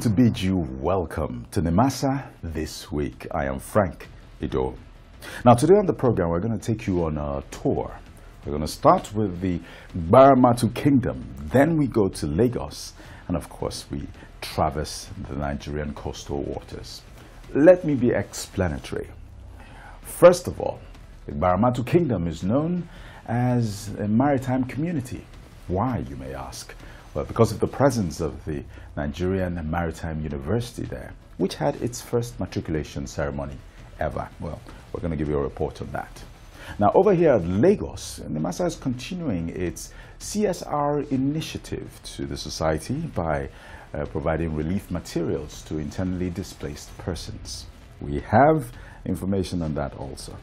to bid you welcome to Nemasa This Week. I am Frank Ido. Now today on the program we're going to take you on a tour. We're going to start with the Baramatu Kingdom, then we go to Lagos, and of course we traverse the Nigerian coastal waters. Let me be explanatory. First of all, the Baramatu Kingdom is known as a maritime community. Why, you may ask? Well, because of the presence of the Nigerian Maritime University there, which had its first matriculation ceremony ever. Well, we're going to give you a report on that. Now, over here at Lagos, NIMASA is continuing its CSR initiative to the society by uh, providing relief materials to internally displaced persons. We have information on that also.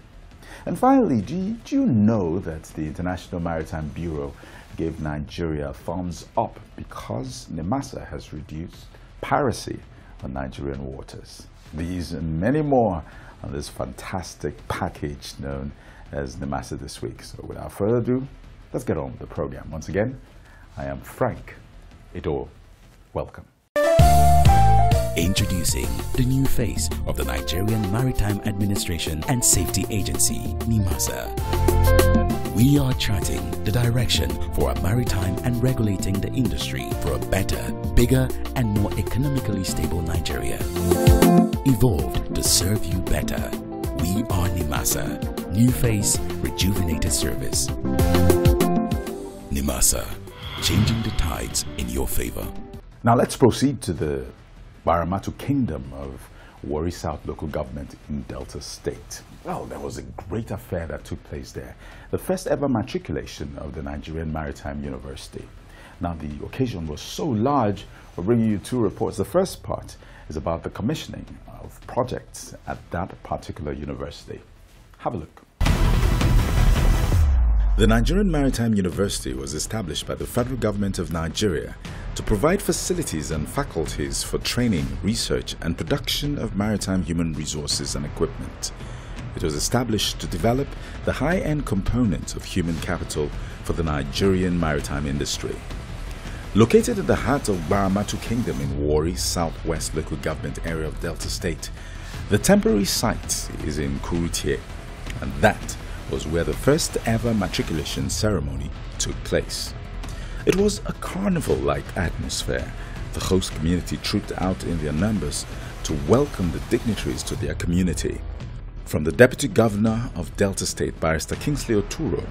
And finally, do you, do you know that the International Maritime Bureau gave Nigeria a thumbs up because Nemasa has reduced piracy on Nigerian waters. These and many more on this fantastic package known as Nemasa This Week. So without further ado, let's get on with the program. Once again, I am Frank Ido. Welcome. Introducing the new face of the Nigerian Maritime Administration and Safety Agency, NIMASA. We are charting the direction for a maritime and regulating the industry for a better, bigger, and more economically stable Nigeria. Evolved to serve you better. We are NIMASA, New Face Rejuvenated Service. NIMASA, changing the tides in your favor. Now let's proceed to the Baramatu Kingdom of Wari South Local Government in Delta State. Well, oh, there was a great affair that took place there. The first ever matriculation of the Nigerian Maritime University. Now, the occasion was so large, we're bringing you two reports. The first part is about the commissioning of projects at that particular university. Have a look. The Nigerian Maritime University was established by the federal government of Nigeria to provide facilities and faculties for training, research and production of maritime human resources and equipment. It was established to develop the high end component of human capital for the Nigerian maritime industry. Located at the heart of Baramatu Kingdom in Wari, Southwest Local Government Area of Delta State, the temporary site is in Kurutie, and that was where the first ever matriculation ceremony took place. It was a carnival like atmosphere. The host community trooped out in their numbers to welcome the dignitaries to their community. From the Deputy Governor of Delta State, Barrister Kingsley Oturo,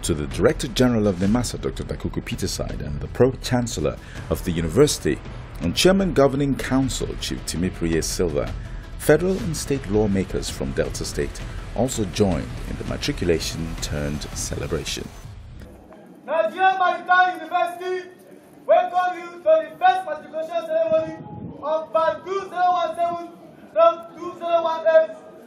to the Director General of NEMASA, Dr. Dakuku Peterside, and the Pro Chancellor of the University, and Chairman Governing Council, Chief Timipriye Silva, federal and state lawmakers from Delta State also joined in the matriculation turned celebration. Nigerian Maritime University welcome you to the first matriculation ceremony of 2017 from 2018. Eh,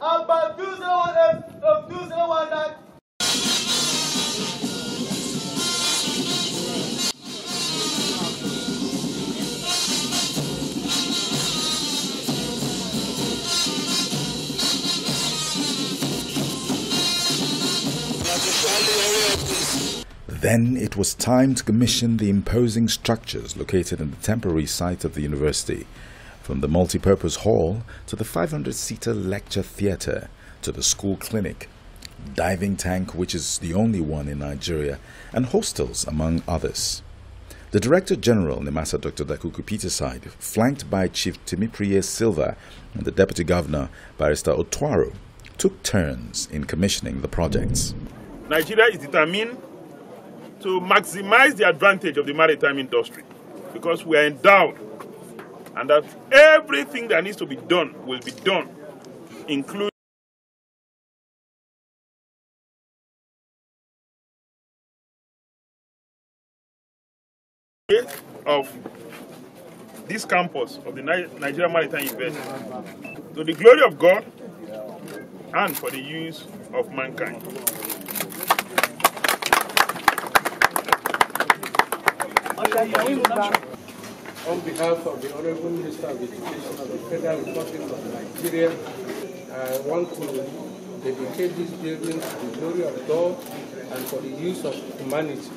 then it was time to commission the imposing structures located in the temporary site of the university. From the multipurpose hall to the 500-seater lecture theater to the school clinic, diving tank which is the only one in Nigeria, and hostels among others. The Director General, Nemasa Dr. Dakuku Peterside, flanked by Chief Timipriye Silva and the Deputy Governor, Barrister Otuaro, took turns in commissioning the projects. Nigeria is determined to maximize the advantage of the maritime industry because we are endowed and that everything that needs to be done will be done, including. of this campus of the Nigeria Maritime University to the glory of God and for the use of mankind. Okay. On behalf of the Honorable Minister of Education of the Federal Republic of Nigeria, I want to dedicate this building to the glory of God and for the use of humanity.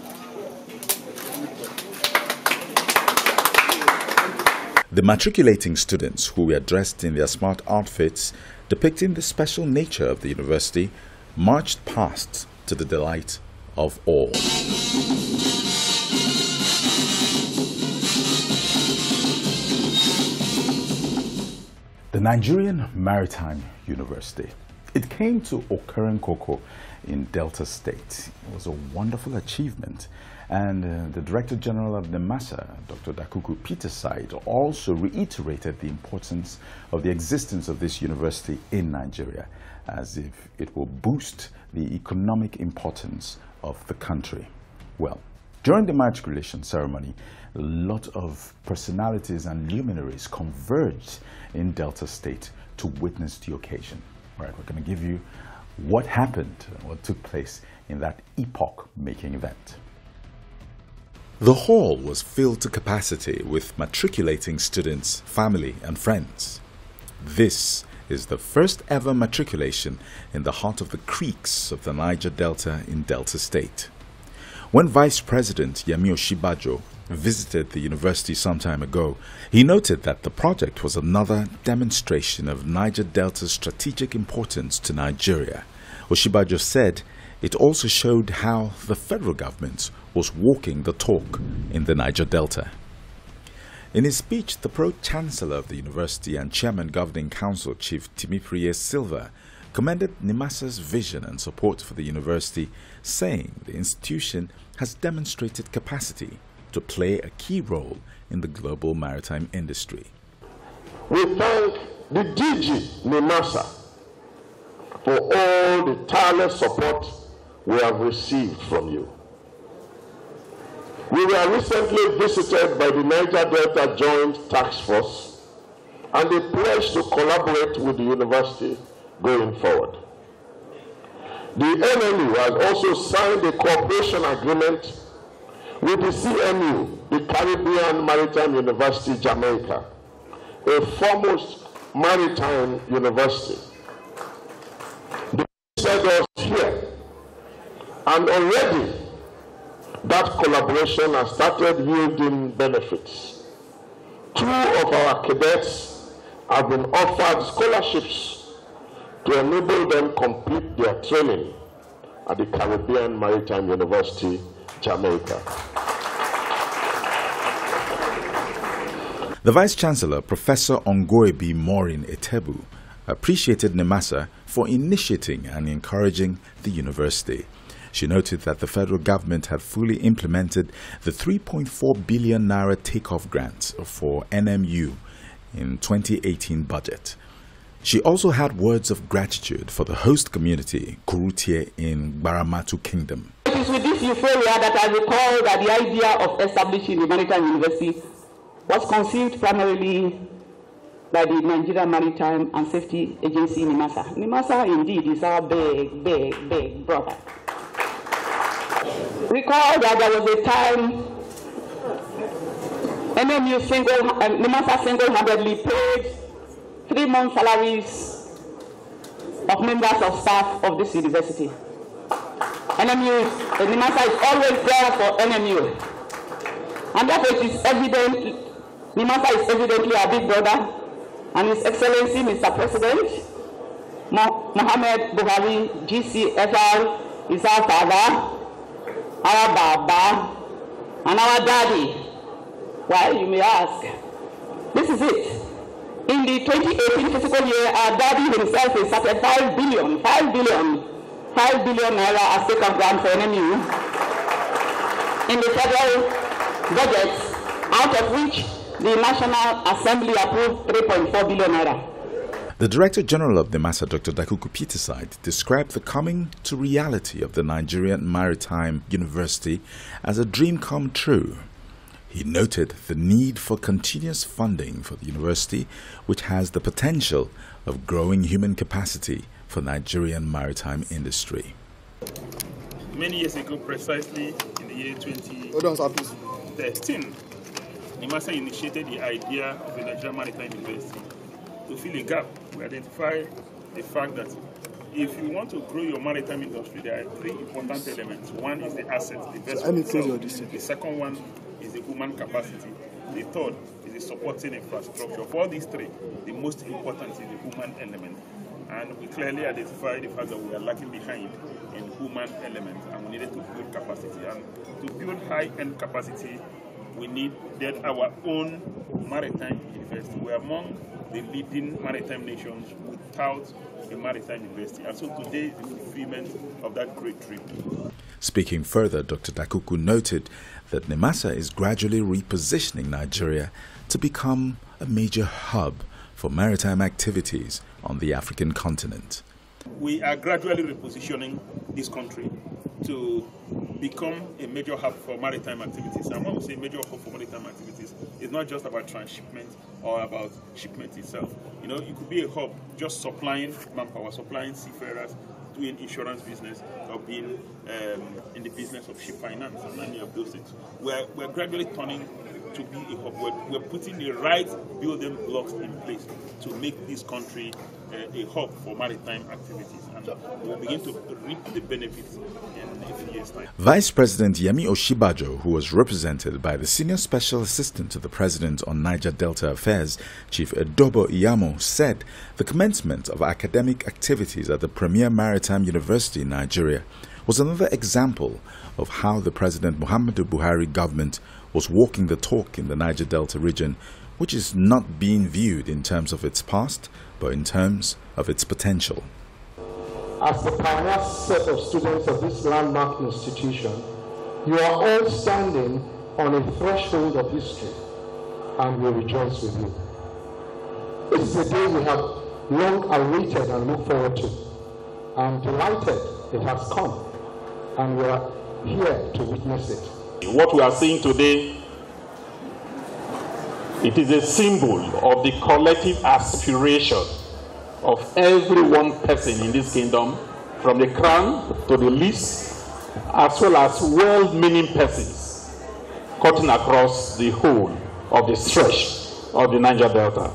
The matriculating students who were dressed in their smart outfits depicting the special nature of the university marched past to the delight of all. The Nigerian Maritime University. It came to Okerenkoko in Delta State. It was a wonderful achievement. And uh, the Director General of NEMASA, Dr. Dakuku Peterside, also reiterated the importance of the existence of this university in Nigeria as if it will boost the economic importance of the country. Well, during the marriage relation ceremony, a lot of personalities and luminaries converged in Delta State to witness the occasion. Right, right, we're going to give you what happened, what took place in that epoch-making event. The hall was filled to capacity with matriculating students, family and friends. This is the first ever matriculation in the heart of the creeks of the Niger Delta in Delta State. When Vice President Yemi Oshibajo visited the university some time ago, he noted that the project was another demonstration of Niger Delta's strategic importance to Nigeria. Oshibajo said it also showed how the federal government was walking the talk in the Niger Delta. In his speech, the Pro-Chancellor of the University and Chairman Governing Council Chief Timipriye Silva commended Nimasa's vision and support for the university, saying the institution has demonstrated capacity to play a key role in the global maritime industry. We thank the DG NEMASA for all the tireless support we have received from you. We were recently visited by the Niger Delta Joint Task Force and they pledged to collaborate with the university going forward. The NMU has also signed a cooperation agreement with the CMU, the Caribbean Maritime University, Jamaica, a foremost maritime university. They set us here, and already that collaboration has started yielding benefits. Two of our cadets have been offered scholarships to enable them complete their training at the Caribbean Maritime University Jamaica. The Vice Chancellor, Professor Ongoebi Maureen Etebu, appreciated Nemasa for initiating and encouraging the university. She noted that the federal government had fully implemented the 3.4 billion naira takeoff grant for NMU in 2018 budget. She also had words of gratitude for the host community, Kurutie in Baramatu Kingdom is with this euphoria that I recall that the idea of establishing a maritime university was conceived primarily by the Nigeria Maritime and Safety Agency, NIMASA. NIMASA, indeed, is our big, big, big brother. Recall that there was a time NMU single, uh, NIMASA single-handedly paid three-month salaries of members of staff of this university. Nmu, the is always there for Nmu, And therefore it is evident, NIMASA is evidently our big brother, and His Excellency Mr. President Mohammed Buhari GCFR is our father, our Baba, and our daddy. Why, you may ask. This is it. In the 2018 fiscal year, our daddy himself is at 5 billion, 5 billion 5 billion naira as take grant for NMU in the federal budget, out of which the National Assembly approved 3.4 billion naira. The Director General of the Massa, Dr. Dakuku Peterside, described the coming to reality of the Nigerian Maritime University as a dream come true. He noted the need for continuous funding for the university, which has the potential of growing human capacity for Nigerian maritime industry. Many years ago, precisely in the year 2013, NIMASA initiated the idea of a Nigerian Maritime University to fill a gap. We identify the fact that if you want to grow your maritime industry, there are three important elements. One is the assets, the vessel so The second one is the human capacity. The third is the supporting infrastructure. For all these three, the most important is the human element. And we clearly identified the fact that we are lacking behind in human elements and we needed to build capacity. And to build high-end capacity, we needed our own maritime university. We're among the leading maritime nations without a maritime university. And so today is the fulfillment of that great dream. Speaking further, Dr. Dakuku noted that NEMASA is gradually repositioning Nigeria to become a major hub for maritime activities on the African continent. We are gradually repositioning this country to become a major hub for maritime activities. And when we say major hub for maritime activities, it's not just about transshipment or about shipment itself. You know, it could be a hub just supplying manpower, supplying seafarers, doing insurance business, or being um, in the business of ship finance, and any of those things. We're, we're gradually turning to be a hub. We're, we're, putting the right building blocks in place to make this country uh, a hub for maritime activities. And we'll begin to reap the benefits in a few years' time. Vice President Yemi Oshibajo, who was represented by the Senior Special Assistant to the President on Niger Delta Affairs, Chief Edobo Iyamo, said the commencement of academic activities at the Premier Maritime University in Nigeria was another example of how the President Muhammadu Buhari government was walking the talk in the Niger Delta region, which is not being viewed in terms of its past, but in terms of its potential. As the pioneer set of students of this landmark institution, you are all standing on a threshold of history, and we rejoice with you. It's a day we have long awaited and looked forward to. I'm delighted it has come, and we are here to witness it. What we are seeing today, it is a symbol of the collective aspiration of every one person in this kingdom, from the crown to the least, as well as well-meaning persons, cutting across the whole of the stretch of the Niger Delta.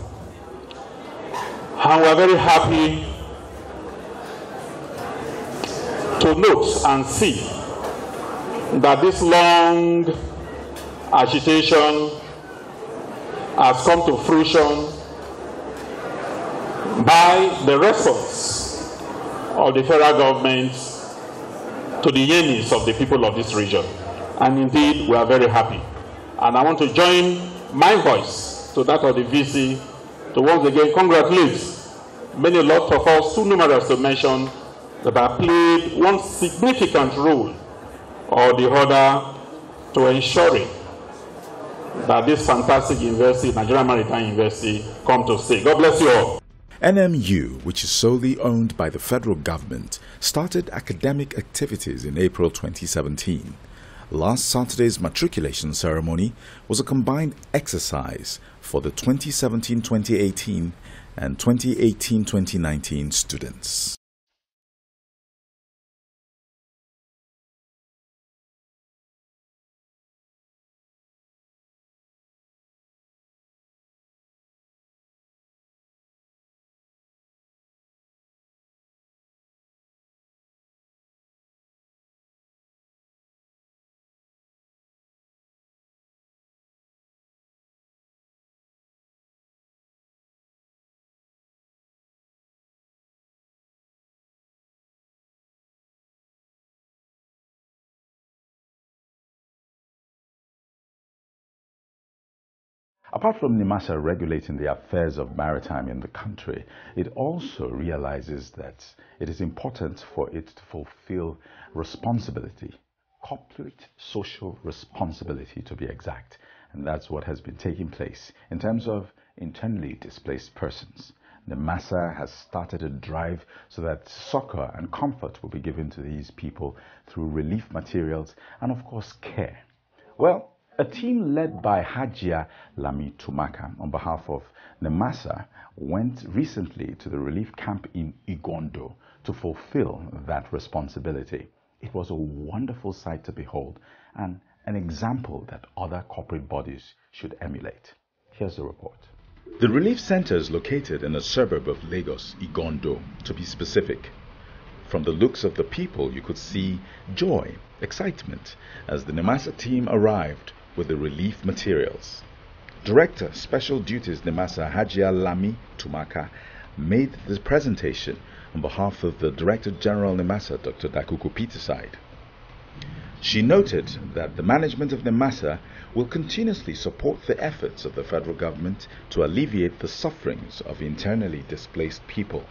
And we're very happy to note and see that this long agitation has come to fruition by the response of the federal government to the needs of the people of this region. And indeed, we are very happy. And I want to join my voice to that of the VC to once again congratulate many a lot of us, too numerous to mention, that have played one significant role or the other to ensuring that this fantastic university, Nigerian Maritime University, come to stay. God bless you all. NMU, which is solely owned by the federal government, started academic activities in April 2017. Last Saturday's matriculation ceremony was a combined exercise for the 2017-2018 and 2018-2019 students. Apart from NIMASA regulating the affairs of maritime in the country, it also realizes that it is important for it to fulfill responsibility, corporate social responsibility to be exact. And that's what has been taking place in terms of internally displaced persons. NIMASA has started a drive so that succor and comfort will be given to these people through relief materials and, of course, care. Well, a team led by Hajia Lami Tumaka on behalf of Nemasa went recently to the relief camp in Igondo to fulfill that responsibility. It was a wonderful sight to behold and an example that other corporate bodies should emulate. Here's the report. The relief center is located in a suburb of Lagos, Igondo, to be specific. From the looks of the people, you could see joy, excitement, as the Nemasa team arrived with the relief materials. Director Special Duties Nemasa Hajia Lami Tumaka made the presentation on behalf of the Director General Nemasa, Dr. Dakuku Peterside. She noted that the management of Nemasa will continuously support the efforts of the federal government to alleviate the sufferings of internally displaced people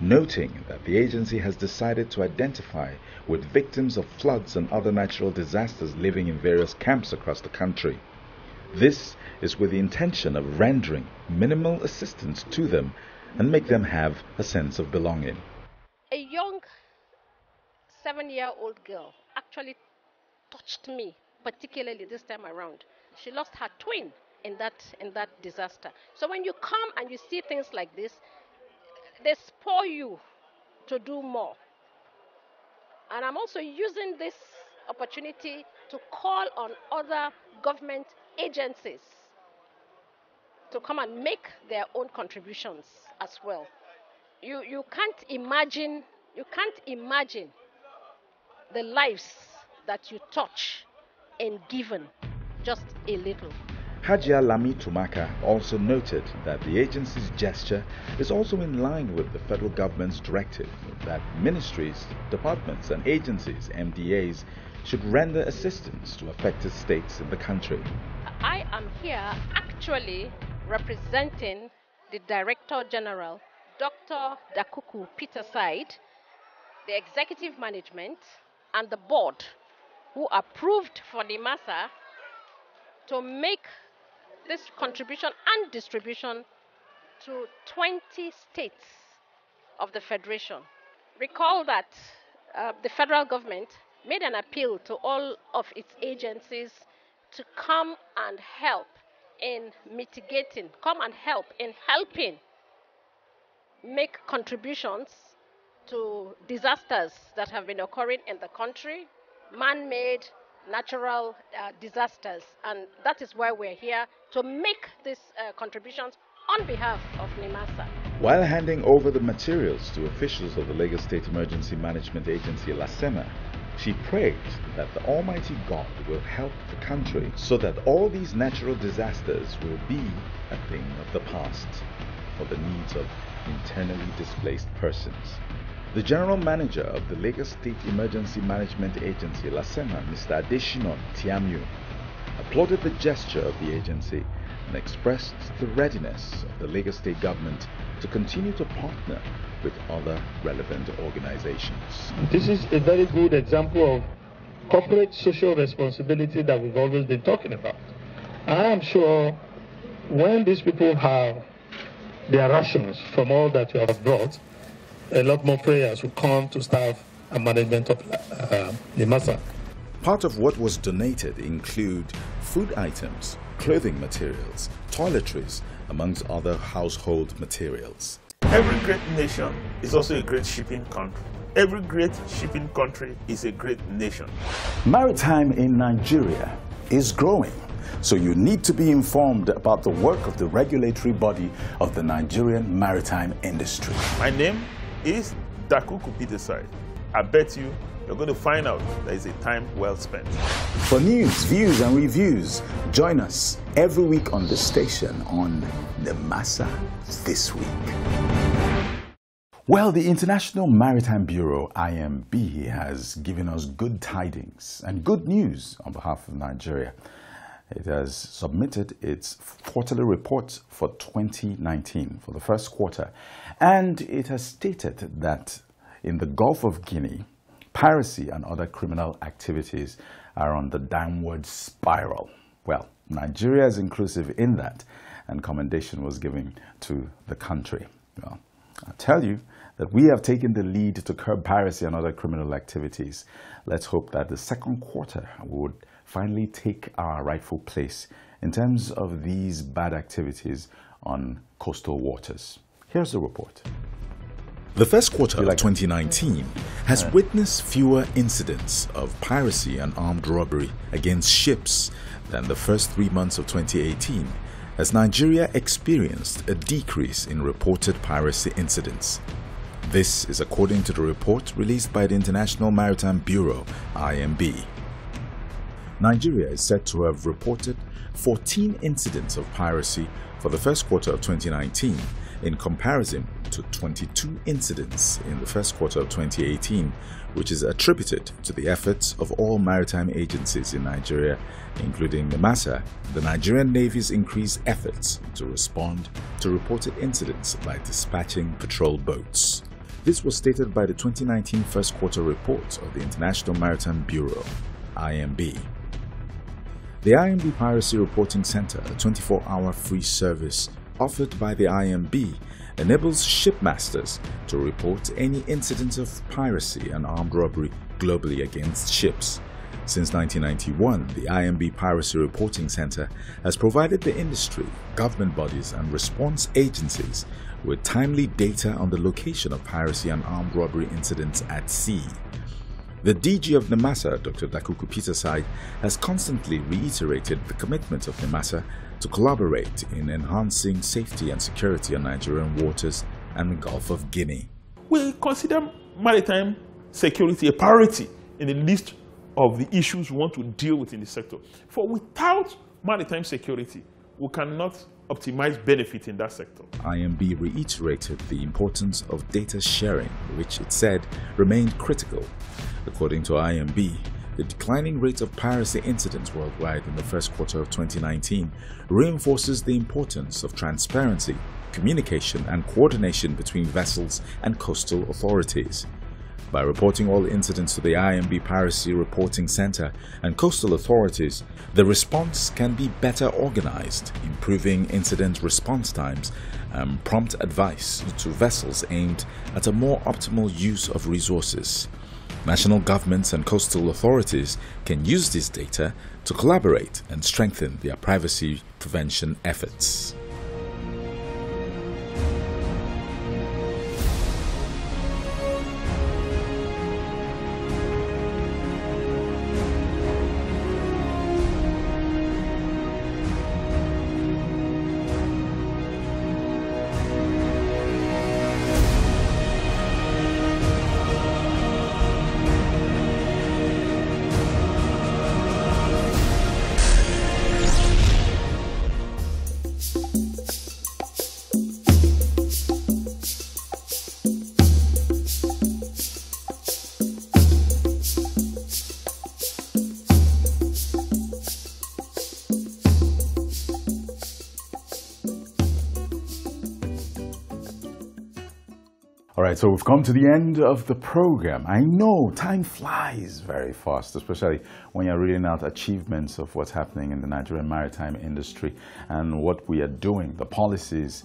noting that the agency has decided to identify with victims of floods and other natural disasters living in various camps across the country. This is with the intention of rendering minimal assistance to them and make them have a sense of belonging. A young seven year old girl actually touched me, particularly this time around. She lost her twin in that in that disaster. So when you come and you see things like this, they spur you to do more. And I'm also using this opportunity to call on other government agencies to come and make their own contributions as well. You, you can't imagine you can't imagine the lives that you touch and given just a little. Hajia Lami Tumaka also noted that the agency's gesture is also in line with the federal government's directive that ministries, departments and agencies, MDAs, should render assistance to affected states in the country. I am here actually representing the Director General, Dr. Dakuku Peter Side, the executive management and the board who approved for the MASA to make this contribution and distribution to 20 states of the Federation. Recall that uh, the federal government made an appeal to all of its agencies to come and help in mitigating, come and help in helping make contributions to disasters that have been occurring in the country, man made natural uh, disasters. And that is why we're here to make these uh, contributions on behalf of NIMASA. While handing over the materials to officials of the Lagos State Emergency Management Agency, LASEMA, she prayed that the Almighty God will help the country so that all these natural disasters will be a thing of the past for the needs of internally displaced persons. The general manager of the Lagos State Emergency Management Agency, LASEMA, Mr. Adeshinon Tiamu, applauded the gesture of the agency and expressed the readiness of the Lagos State government to continue to partner with other relevant organizations. This is a very good example of corporate social responsibility that we've always been talking about. I am sure when these people have their rations from all that you have brought, a lot more prayers will come to staff and management of uh, Limasa. Part of what was donated include food items, clothing materials, toiletries, amongst other household materials. Every great nation is also a great shipping country. Every great shipping country is a great nation. Maritime in Nigeria is growing, so you need to be informed about the work of the regulatory body of the Nigerian maritime industry. My name is Daku could be the side, I bet you you're going to find out that it's a time well spent. For news, views, and reviews, join us every week on the station on the Massa This Week. Well, the International Maritime Bureau, IMB, has given us good tidings and good news on behalf of Nigeria. It has submitted its quarterly report for 2019, for the first quarter. And it has stated that in the Gulf of Guinea, piracy and other criminal activities are on the downward spiral. Well, Nigeria is inclusive in that, and commendation was given to the country. Well, I tell you that we have taken the lead to curb piracy and other criminal activities. Let's hope that the second quarter would finally take our rightful place in terms of these bad activities on coastal waters. Here's the report. The first quarter like of 2019 has witnessed fewer incidents of piracy and armed robbery against ships than the first three months of 2018, as Nigeria experienced a decrease in reported piracy incidents. This is according to the report released by the International Maritime Bureau, IMB. Nigeria is said to have reported 14 incidents of piracy for the first quarter of 2019 in comparison to 22 incidents in the first quarter of 2018, which is attributed to the efforts of all maritime agencies in Nigeria, including NIMASA, the Nigerian Navy's increased efforts to respond to reported incidents by dispatching patrol boats. This was stated by the 2019 first quarter report of the International Maritime Bureau, IMB. The IMB Piracy Reporting Center, a 24-hour free service offered by the IMB, enables shipmasters to report any incidents of piracy and armed robbery globally against ships. Since 1991, the IMB Piracy Reporting Center has provided the industry, government bodies and response agencies with timely data on the location of piracy and armed robbery incidents at sea. The DG of NEMASA, Dr. Dakuku Peterside, has constantly reiterated the commitment of NEMASA to collaborate in enhancing safety and security on Nigerian waters and the Gulf of Guinea. We consider maritime security a priority in the list of the issues we want to deal with in the sector. For without maritime security, we cannot optimize benefit in that sector. IMB reiterated the importance of data sharing, which it said remained critical According to IMB, the declining rate of piracy incidents worldwide in the first quarter of 2019 reinforces the importance of transparency, communication and coordination between vessels and coastal authorities. By reporting all incidents to the IMB Piracy Reporting Center and coastal authorities, the response can be better organized, improving incident response times and prompt advice to vessels aimed at a more optimal use of resources. National governments and coastal authorities can use this data to collaborate and strengthen their privacy prevention efforts. so we've come to the end of the program. I know time flies very fast, especially when you're reading out achievements of what's happening in the Nigerian maritime industry and what we are doing, the policies.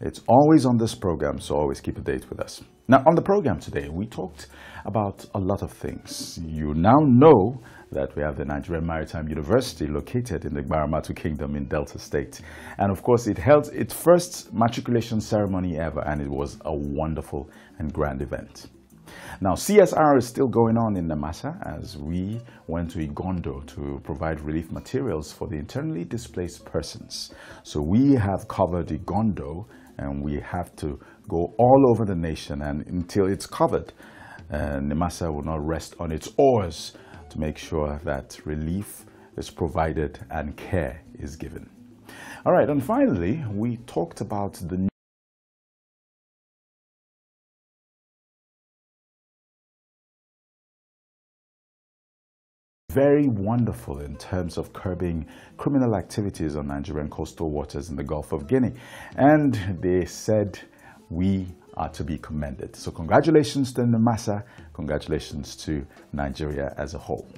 It's always on this program, so always keep a date with us. Now, on the program today, we talked about a lot of things. You now know that we have the Nigerian Maritime University located in the Gbaramatu Kingdom in Delta State. And of course, it held its first matriculation ceremony ever, and it was a wonderful and grand event. Now, CSR is still going on in Namasa as we went to Igondo to provide relief materials for the internally displaced persons. So we have covered Igondo and we have to go all over the nation and until it's covered. Uh, NIMASA will not rest on its oars to make sure that relief is provided and care is given. All right, and finally, we talked about the very wonderful in terms of curbing criminal activities on Nigerian coastal waters in the Gulf of Guinea. And they said, we are to be commended. So congratulations to Namasa, congratulations to Nigeria as a whole.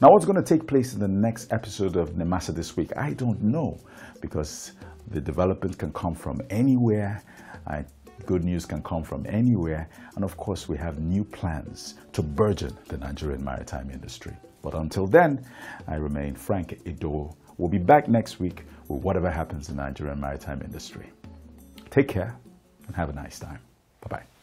Now, what's going to take place in the next episode of Namasa this week? I don't know because the development can come from anywhere. I, good news can come from anywhere. And of course, we have new plans to burgeon the Nigerian maritime industry. But until then, I remain Frank Edo. We'll be back next week with whatever happens in the Nigerian maritime industry. Take care and have a nice time. Bye bye.